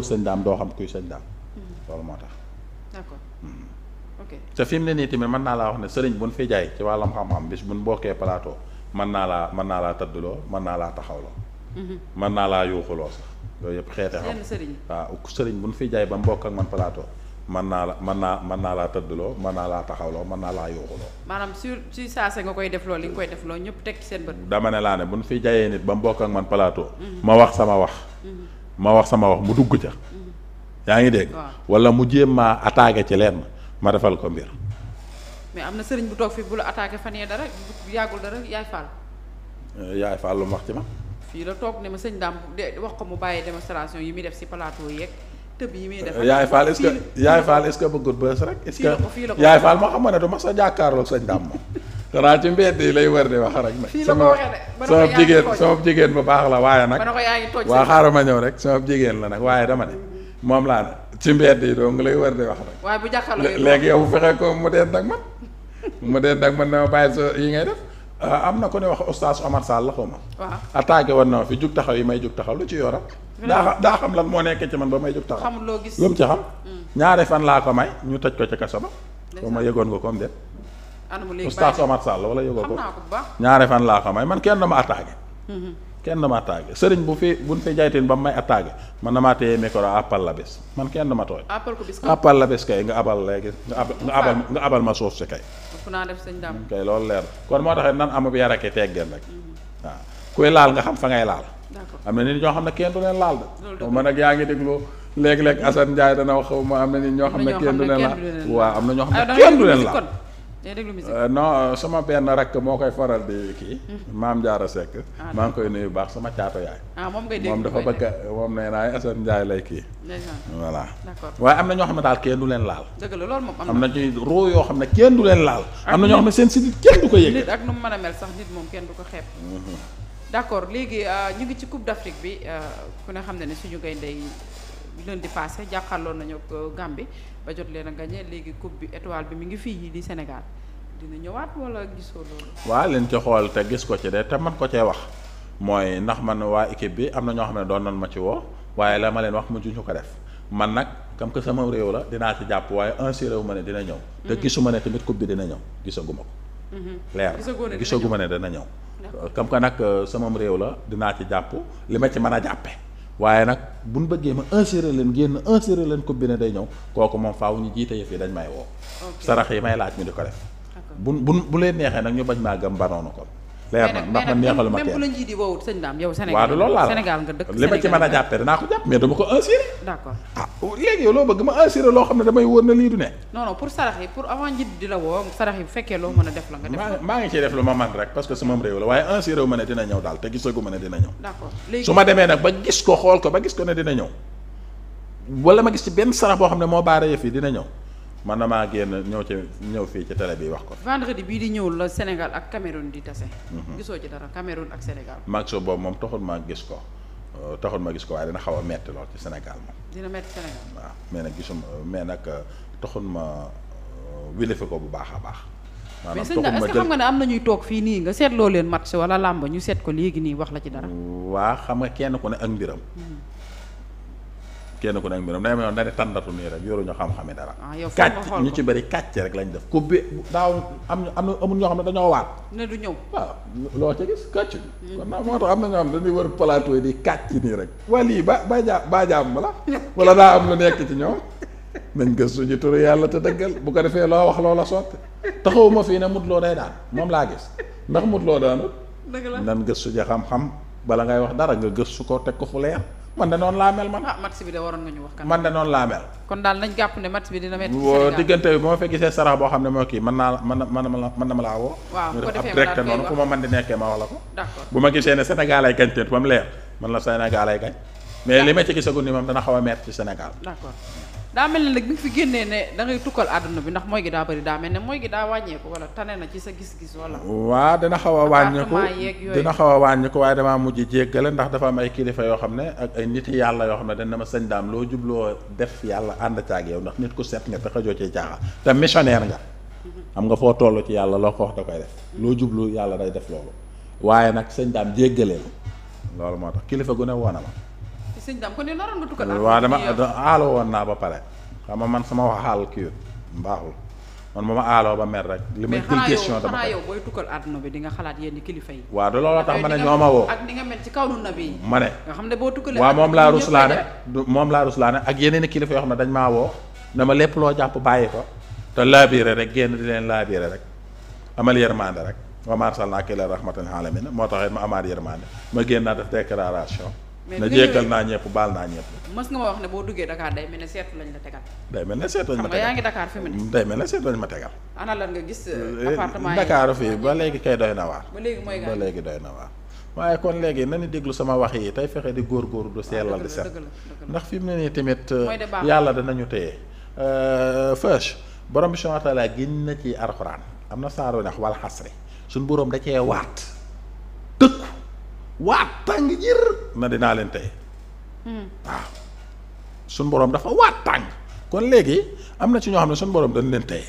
sëñ daam doo xam kuy sëñ daam hmm. loolu moo tax d'accord hmm. ok te fi mu ne nii tamit naa laa wax ne sëriñ buñ fi jaay ci wàllam xam-xam bis buñ naa laa mën naa laa tëddloo mën naa laa taxawloo hmm. mën naa laa yuuxuloo sax yooyu yëpp xeete xam waaw sëriñ buñ fi jaay ba mu bokk ak man naa la mën naa mën naa laa tëddloo mën naa laa taxawloo mën naa laa yuuxuloo maanaam sur sur saase nga koy defloo li nga koy defloo ñëpp teg ci seen bët dama ne laa ne buñ fi jaayee nit ba mu bokk ak man plateau ma wax sama wax ma wax sama wax mu dugg ca yaa ngi dégg wala mu jéem maa attaqué ci lenn ma defal ko mbir mais am na sëriñ bu toog fii bu la attaqué fan yee dara yàggul dara yaay Fall euh, yaay Fall lu mu wax ci ma fii la toog ne ma sëñ daam de wax ko mu bàyyi démonstration yi muy def si plateau yeeg tëb yi muy def yaay Fall est-ce yaay Fall est-ce que bës rek est-ce yaay Fall ma xam ne du ma sa jàkkaarloo sëñ daam moom xanaa ci mbedd yi lay war di wax rek nag sama sama jigéen sama jigéen bu baax la waaye nag waa xaaral ma ñëw rek sama jigéen la nag waaye dama ne moom laa ne ci mbedd yi doo nga lay war di wax rek waaye bu jàkkaarloo léegi yow fexe ko mu deen nag man mu deen nag man dama bàyyi sa yi ngay def ah, am na ko ne wax oustaz Omar Sall la xaw ma attaqué woon na fi jug taxaw yi may jug taxaw lu ci yoram daa daa xam lan moo nekkee ci man ba may jug taxaw lu mu ci xam mm. ñaari fan laa ko ñu tëj ko ci kaso ba ma yëgoon nga anamu léegi oustaz Omar Sall wala yëgoo ko ñaare fan laa xamay man kenn dama attaqué. Mhm. kenn dama attaqué sëriñ bu fi buñ fi jayteen ba mu may attaqué man damaa téye micro appal la bés man kenn ma tooy. appal ko bis kay la bés nga abal léegi nga ab abal nga abal ma suuf si kay. naa def sëñ Dame mm, kay loolu leer kon moo taxee nan amub yar ak teggeen rek mhm. waaw kuy laal nga xam fa ngay laal. am na nit ñoo xam ne kenn du leen laal de. man ak yaa ngi dégloo léeg-léeg Assane Ndiaye dana wax ma am na nit ñoo xam ne kenn du na ñoo ne kenn du leen laal day déglu musique euh, euh, sama benn rek moo koy faral di kii. Hmm. maam Jaara Seck. Ah, maa ngi koy nuyu baax sama caato yaay. Ah, moom ngay déglu moom dafa bëgg moom nee naa Assane Ndiaye lay kii. voilà. d'accord waaye am na ñoo xam ne daal kenn du leen laal. dëgg la loolu moom am na yoo xam ne kenn leen laal. am na ñoo xam ne seen sidit kenn du ko yëg. nit ak nu mu mën a mel sax nit moom kenn du ko xeeb. Mhm. d'accord léegi euh, ñu ngi ci Coupe d'Afrique bi ku ne xam ne ne suñu gaynde yi lundi passé jàkkaarloo nañu ak Gambie ba jot leen a gagné léegi coupe bi étoile bi mi ngi fii di Sénégal dina ñëwaat wala gisoo loolu. waaw leen ci xool te gis ko ci de te man ko cee wax mooy ndax man waa équipe bi am na ñoo xam ne doon nan ma ci woo waaye la ma leen wax ju ñu ko def man nag comme que sama réew la dinaa ci jàpp waaye assuré wu ma ne dina ñëw. te mhm. gisuma ne tamit coupe bi dina ñëw gisaguma ko. Mhm. leer gisaguma ne dina ñëw. comme que nag euh, sama réew la dinaa ci jàpp li ma ci man a jàppee waaye nag bu nu bëggee ma insérer leen génn insérer leen coupe bi ne day ñëw kooku moom faaw ñu jiite yëf yi dañ may woo. sarax yi may laaj ñu di ko def. bu bu bu leen neexee nag ñu bañ maa gëm banoonu ko. leer na ndax man neexalu ma teel même bu la njiit yi woowut sëñ Dame yow Sénégal waaw du loolu laa Sénégal nga dëkk li ma ci mën a jàppee jàpp mais dama ko assuré ah, loo xam ne damay wóor na lii du ne non pour sarax yi pour avant njiit di la woo sarax yi bu fekkee loo mën a def la nga def maa ngi ciy def lu ma man rek parce que sama réew la waaye assuré wu ma ne dina ñëw daal te gisagu ma ne dina ñëw su ma demee ko xool ko ba ma gis ci benn sarax boo xam ne moo baara yëf yi dina ñëw man damaa génn ñëw ci ñëw fii ci télé bi wax ko. vendredi bii di ñëwul la Sénégal ak Cameroun di tase. Mhm. gisoo ci dara Cameroun ak Sénégal. match boobu moom taxul maa gis ko euh, taxul ma gis ko waaye dina xaw a metti lool ci Sénégal moom. dina metti Sénégal waaw mais nag gisuma mais nag euh, taxul ma euh, wilife ko bu baax a baax. maanaam toxul ma jël mais sëñ xam nga ne am na ñuy toog fii nii nga seetloo leen mat match wala làmb ñu seet ko léegi nii wax la ci dara. waa xam nga kenn ku ne ak mbiram. Mhm. kenn ku nekk mbiram day ma yoon dane tàndatu nii rek yoruñu xam-xami dara ah, kàcc ñu ci bëri kàcc rek lañ def kubbi daaw am am na amul ñoo xam ne dañoo waat ne du ñëw waaw ah, loo ca gis kàcc bi hmm. kon nag moo tax am na ñoo xam ne dañuy wër plateau yi di kàcc nii rek wala lii ba ba jaam ba jaam la wala daa am lu nekk ci ñoom nañ gëstu ji turu yàlla te dëggal bu ko defee loo wax loola sotti taxawuma fii ne mut loo day daan moom laa gis ndax mut loo daanut nan gëstu ji xam-xam bala ngay wax dara nga gëstu ko teg ko fu leer man da noonu laa mel man. ah bi de waroon nga ñu wax man da noonu laa mel. kon daal nañ jàpp ne match bi dina métti. Sénégal diggante bi bu ma fa gisee sarax boo xam ne moo kii mën naa mën na mën na ma laa woo. waaw bu noonu fu ma mën di nekkee ma wax la ko. bu ma gisee ne Sénégal ay gañ te ba mu leer man la Sénégal ay gañ mais li ma ci gisagu ni moom dana xaw a métti ci Sénégal. d'accord daa mel ne nag bi nga fi génnee ne da ngay tukkal àdduna bi ndax mooy gi daa bëri daa mel ne mooy gi daa wàññeeku wala tane na ci sa gis-gis wala. waa dana xaw a wàññeeku dana xaw a wàññeeku waaye damaa mujj jéggale ndax dafa am ay kilifa yoo xam ne ak ay nit yàlla yoo xam ne dana ma sëñ daam loo jubloo def yàlla ànd caag yow ndax nit ku set nga te xajoo ci jaaxa te missionnaire nga xam nga foo toll ci yàlla loo ko wax da koy def loo jublu yàlla day def loolu waaye nag sëñ daam jéggaleel loolu kilifa gu ne woona ma sëñ Dame kon ni naroon nga tukkal. waaw dama aalo woon naa ba pare. xam nga man sama wax aal kii baaxul man ba ma aaloo ba mer rek. li may jël dama xanaa yow booy tukkal àdduna bi di nga xalaat yenn kilifa yi. waaw de looloo tax ma ne ñoo ma woo. ak ni kaw nu ma ne nga xam ne boo tukkalee. waaw moom laa ruslaane moom laa ruslaane ak yeneen i kilifa yoo xam ne dañ maa woo ma lépp loo jàpp bàyyi ko te laabiire rek génn di leen laabiire rek amal yërmande rek wa maa arsalnaaka illaa rahmatan lil aalamiin moo tax it ma amaat ma génn naa def déclaration na jéggal naa ñepp baal naa ñepp mës wax ne boo duggee Dakar day mel ne seet lañ la tegal day mel ne seetu lañ ma tegal yaa fi ana lan nga gis eh, appartement Dakar fii ba léegi kay doy na waar ba léegi mooy ba doy na waar waaye kon léegi ni déglu sama wax yi tey fexe di góor góorgóorlu du ah, sellal di set ndax fi mu ne nii tamit eh, yàlla danañu téye eh, fëch borom bi subhaanahu wa taala génn na ci alxuraan am na saaro nex wal xasri suñ boroom da cee waat waat tàng jër na dinaa leen tey hmm. waaw suñ borom dafa waat tàng kon léegi am na ci ñoo xam ne suñ borom dañ leen tey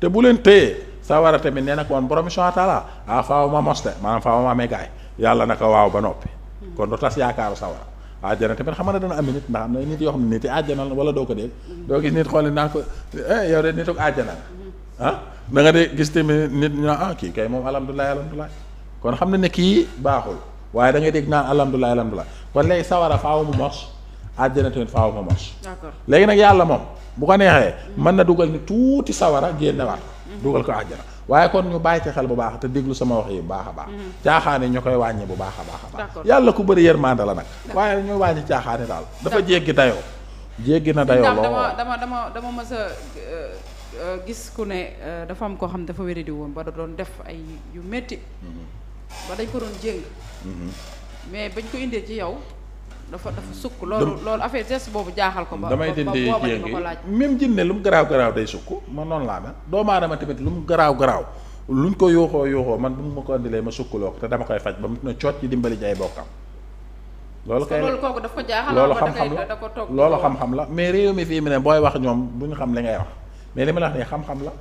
te bu leen téyee sa war a tamit nee na ko woon borom subhaanahu wa taala ah, faaw ma moste maanaam faaw ma amee gaay yàlla naka waaw ba noppi hmm. kon du tas yaakaaru sawara àjjana tamit xam nga dana am nit ndax am na nit yoo xam ne nit yi àjjana la wala doo ko dégg hmm. doo gis nit xool naa ko eh, yow de nit àjjana ah da nga gis tamit nit ñaa ah kii kay moom alhamdulilah alhamdulilah kon xam na ne kii baaxul waaye da ngay dégg naan alhamdulilah alhamdulilah kon léegi sawara faaw mu mos àjjana tamit faaw mu mos. d'accord léegi nag yàlla moom bu ko neexee mën na dugal ni tuuti sawara génnewaat ko dugal ko àjjana waaye kon ñu bàyyi ci xel bu baax te déglu sama wax yi baax a baax mhm. caaxaane ñu koy wàññi bu baax a baax a baax yàlla ku bëri yërmande la nag waaye ñu wàññi caaxaane daal dafa jéggi dayoo jéggi na dayoo lool dama dama dama dama euh, euh, gis ku ne euh, dafa am ko xam dafa wéradi woon ba da doon def ay yu métti mhm. ba dañ ko doon jéng mhm. mais bañ ko indee ci yow dafa dafa sukk mhm. loolu loolu affaire geste boobu jaaxal ko ba damay dindi jéng même jinne lu mu garaaw garaaw day sukk man noonu laa mel doomu aadama tamit lu mu garaaw garaaw luñ ko yooxoo yooxoo man bu ma ko indilee ma sukkuloo ko te dama koy faj ba mu ne coot ci dimbali jaay bokkam loolu kay kooku dafa ko jaaxal loolu xam-xam la loolu xam-xam la mais réew mi fii mu booy wax ñoom bu ñu xam li ngay wax mais li ma la wax nii la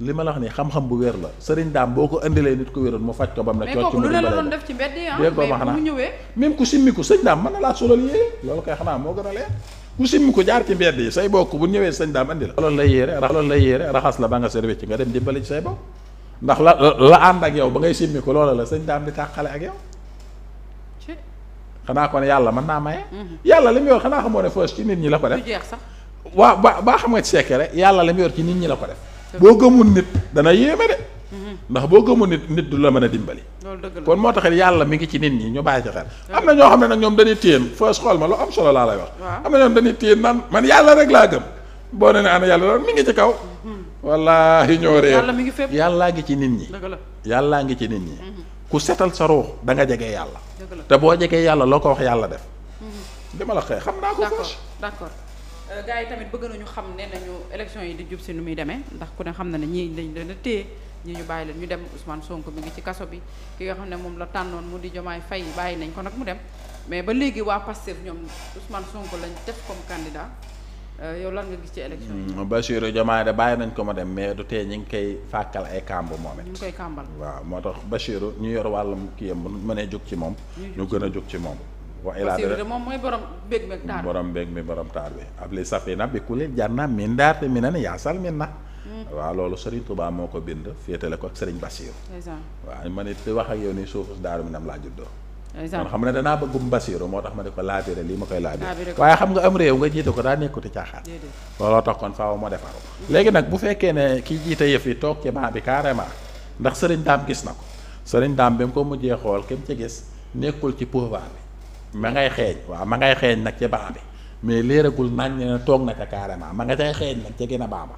li ma la wax ni xam-xam bu wér la sëriñ daam boo ko indilee nit ku wéroon mu faj ko ba mu ne cooc mu la doon def ci mbedd yi ah, même ku simmiku na laa solal yéere loolu koy moo gën a leer simmiku jaar ci mbedd say bokk bu ñëwee sëñ daam indi la solal la yéere solal la yéere raxas la ba nga seet wecc nga dem dimbali ci say ndax la la ànd yow ba ngay simmiku loola la sëñ daam di tàqale ak yow xanaa kon yàlla mën naa maye mhm. yàlla li mu yor xanaa xamoo ne foos ci nit ñi la ko def waaw ba baa xam nga ci sekkere yàlla la mu yor ci nit ñi la ko def boo gëmul nit dana yéeme de. ndax boo gëmul nit nit du la mën a dimbali. kon moo tax yàlla mi ngi ci nit ñi ñu bàyyi ci xel. am na ñoo xam ne nag ñoom dañuy téye fooy xool ma lu am solo laa lay wax. am na ñoom dañuy téye naan man yàlla rek laa gëm boo nee ne ana yàlla mi ngi ci kaw. Mm-hmm. wallaahi ñoo réer yàlla mi ngi fépp yàllaa ngi ci nit ñi. yàllaa ngi ci nit ñi. Mm-hmm. ku setal sa ruux da nga jege yàlla. te boo jegee yàlla loo ko wax yàlla def. Mm-hmm. dama la xëy xam naa ko. d'accord Euh, gars yi tamit bëgg nañu xam ne nañu élection yi di jub si nu muy demee ndax ku ne xam na ne ñii dañ leen a ñu bàyyi leen ñu dem Ousmane Sonko mi ngi ci kaso bi ki nga xam ne moom la tànnoon mu di Diomaye Faye bàyyi nañ ko nag mu dem mais ba léegi waa Pastef ñoom Ousmane Sonko lañ def comme candidat euh, yow lan nga gis ci élection yi. Hmm, Bassirou Diomaye de bàyyi nañ ko ma dem mais du tee ñu ngi koy fàkkal ay kàmb moom it. ñu ngi koy kàmbal waaw moo tax Bassirou ñu yor wàllum kii yam mu mënee jóg ci moom. ñu gën a jóg ci moom. waxila moom mooy borom beeg mi taar borom mi borom taar bi ab li safi na bi ku leen jar na min daarte mi na ne yaasal min na mm. waaw loolu Serigne Touba moo ko bind féetale ko ak Serigne Bassirou waaw ma ne di wax ak yow ni suufu daaru mi nam laa juddoo kon danaa bëggum Bassirou moo tax ma ne ko laabiré lii ma koy laabiré waaye xam nga am réew nga jiite ko daa nekkuti caaxaan looloo tax kon faaw ma defaru léegi nag bu fekkee ne ki jiite yëf yi toog ci ban bi carrément ndax Serigne Dame gis na ko Serigne Dame bi mu ko mujjee xool kem ci gis nekkul ci pouvoir bi ma ngay xeeñ waaw ma ngay xeeñ nag ci baa bi mais léeragul nañ ne toog na ca carrément ma nga cay xeeñ nag jege na baama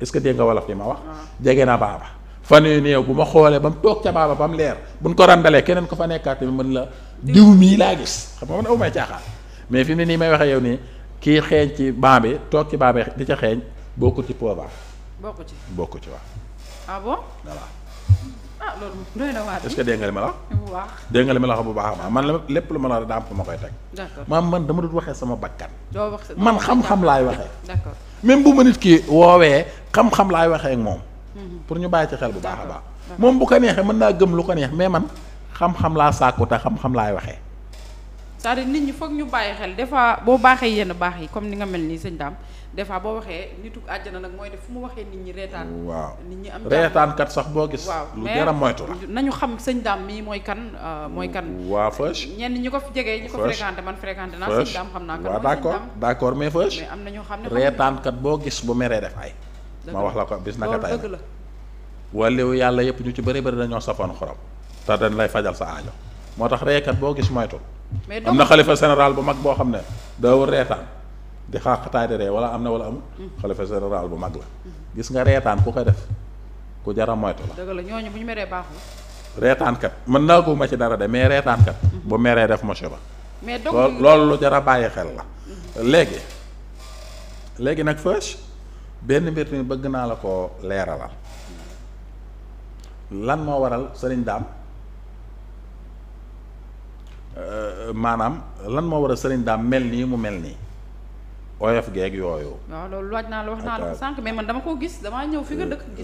est-ce que dégg nga wolof yi ma wax. jege na baaba fan yu néew bu ma xoolee ba mu toog ca baaba ba mu leer bu buñ ko randalee keneen ko fa nekkaat tamit mën la diw mii laa gis xam nga man aw may mais fi mu ne nii may waxee yow nii kii xeeñ ci baa bi toog ci baa bi di ca xeeñ bokku ci poobaam. bokku ci bokku ci waaw. ah bon ah loolu doy na ma la wax. bu baax dégg ma la wax bu baax a man lépp lu ma la wax daa am fu ma koy teg. d'accord maam man dama dul waxee sama bakkan. doo wax man xam-xam laay waxee. d'accord même bu ma nit ki woowee xam-xam laay waxee moom. Mhm. pour ñu bàyyi ci xel bu baax a baax. moom bu ko neexee mën naa gëm lu ko neex mais man xam-xam laa sàkku te xam-xam laay waxee. cest à nit ñi foog ñu bàyyi xel des boo baaxee yenn baax yi comme ni nga mel nii sëñ daam des fois boo waxee nitu àjjana nag mooy def mu waxee nit ñi reetaan. waaw nit ñi am reetaankat sax boo gis. lu jar a moytu la ñu xam sëñ daam mii mooy kan. Euh, mooy kan waa Feuch. ñenn ñi ko fi jege ñi ko fréquenté man fréquenté naa sëñ daam xam naa kan. waaw d'accord d'accord mais Feuch. mais am na ñoo xam ne reetaankat boo gis bu meree def ay. ma wax la ko bis naka tey dëgg la wàllewu yàlla yëpp ñu ci bëri bëri dañoo safoon xorom. te dañ lay fajal sa aajo moo tax reekat boo gis moytu mais am na xalifa général bu mag boo xam ne doo reetaan di xaaxataate ree wala am na wala amul. Mm-hmm. xalifa général bu mag la. gis nga reetaan ku ko def ku jar moytu la. bu ñu meree baaxul. reetaankat mën naa ko ma ci dara de mais reetaankat. Mm-hmm. bu meree def monsieur ba. mais loolu lu jar a bàyyi xel la. Mm-hmm. léegi léegi nag Foch benn mbir mi bëgg naa la ko la lan moo waral sëriñ daam. Euh, maanaam lan moo war a sëriñ daam mel nii mu mel nii oyof geeg yooyu. waaw loolu laaj naa la wax naa la ko sànq mais man dama koo gis damaa ñëw fi nga euh, dëkk. gis